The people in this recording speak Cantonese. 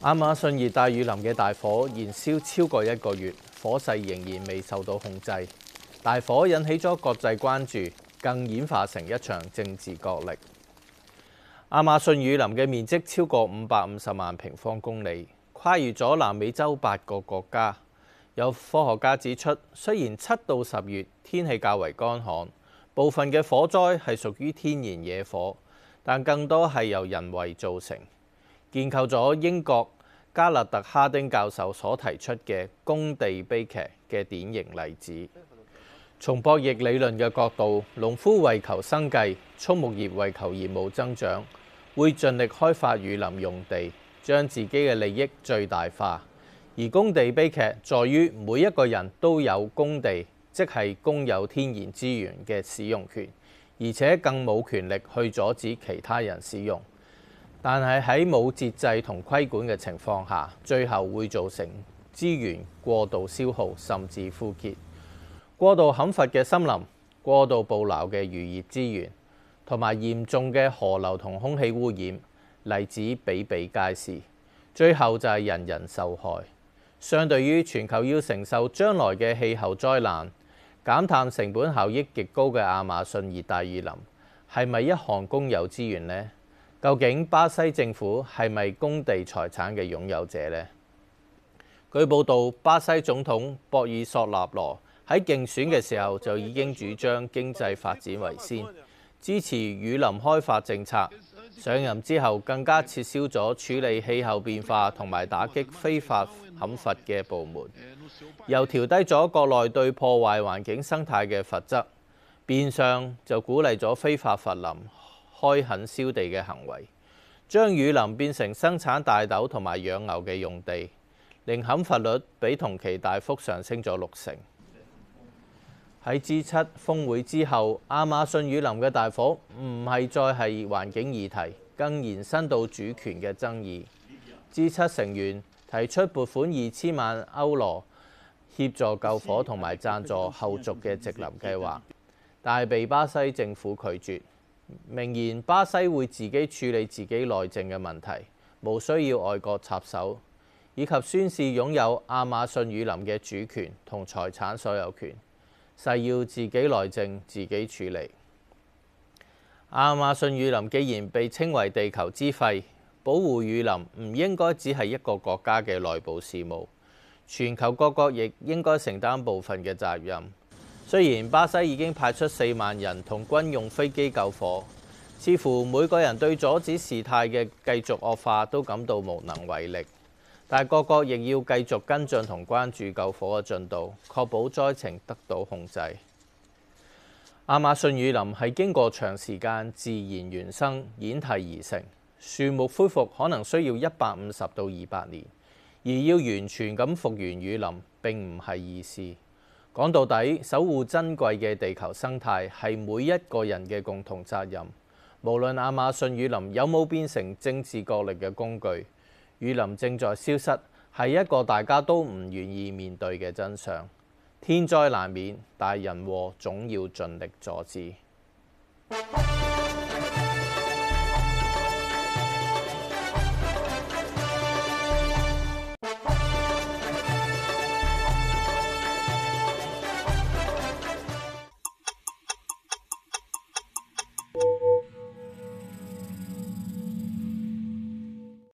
亞馬遜熱帶雨林嘅大火燃燒超過一個月，火勢仍然未受到控制。大火引起咗國際關注，更演化成一場政治角力。亞馬遜雨林嘅面積超過五百五十萬平方公里，跨越咗南美洲八個國家。有科學家指出，雖然七到十月天氣較為乾旱，部分嘅火災係屬於天然野火，但更多係由人為造成。建構咗英國加勒特哈丁教授所提出嘅公地悲劇嘅典型例子。從博弈理論嘅角度，農夫為求生計，畜牧業為求業務增長，會盡力開發雨林用地，將自己嘅利益最大化。而公地悲劇在於，每一個人都有公地，即係公有天然資源嘅使用權，而且更冇權力去阻止其他人使用。但係喺冇節制同規管嘅情況下，最後會造成資源過度消耗，甚至枯竭、過度砍伐嘅森林、過度捕撈嘅漁業資源，同埋嚴重嘅河流同空氣污染，例子比比皆是。最後就係人人受害。相對於全球要承受將來嘅氣候災難、減碳成本效益極高嘅亞馬遜熱帶雨林，係咪一項公有資源呢？究竟巴西政府係咪工地財產嘅擁有者咧？據報道，巴西總統博爾索納羅喺競選嘅時候就已經主張經濟發展為先，支持雨林開發政策。上任之後更加撤銷咗處理氣候變化同埋打擊非法砍伐嘅部門，又調低咗國內對破壞環境生態嘅罰則，變相就鼓勵咗非法伐林。開墾燒地嘅行為，將雨林變成生產大豆同埋養牛嘅用地，令砍伐率比同期大幅上升咗六成。喺 G 七峰會之後，亞馬遜雨林嘅大火唔係再係環境議題，更延伸到主權嘅爭議。G 七成員提出撥款二千萬歐羅協助救火同埋贊助後續嘅植林計劃，但係被巴西政府拒絕。明言巴西會自己處理自己內政嘅問題，無需要外國插手，以及宣示擁有亞馬遜雨林嘅主權同財產所有權，誓要自己內政自己處理。亞馬遜雨林既然被稱為地球之肺，保護雨林唔應該只係一個國家嘅內部事務，全球各國亦應該承擔部分嘅責任。雖然巴西已經派出四萬人同軍用飛機救火，似乎每個人對阻止事態嘅繼續惡化都感到無能為力，但係個個亦要繼續跟進同關注救火嘅進度，確保災情得到控制。亞馬遜雨林係經過長時間自然原生演替而成，樹木恢復可能需要一百五十到二百年，而要完全咁復原雨林並唔係易事。講到底，守護珍貴嘅地球生態係每一個人嘅共同責任。無論亞馬遜雨林有冇變成政治角力嘅工具，雨林正在消失係一個大家都唔願意面對嘅真相。天災難免，但人禍總要盡力阻止。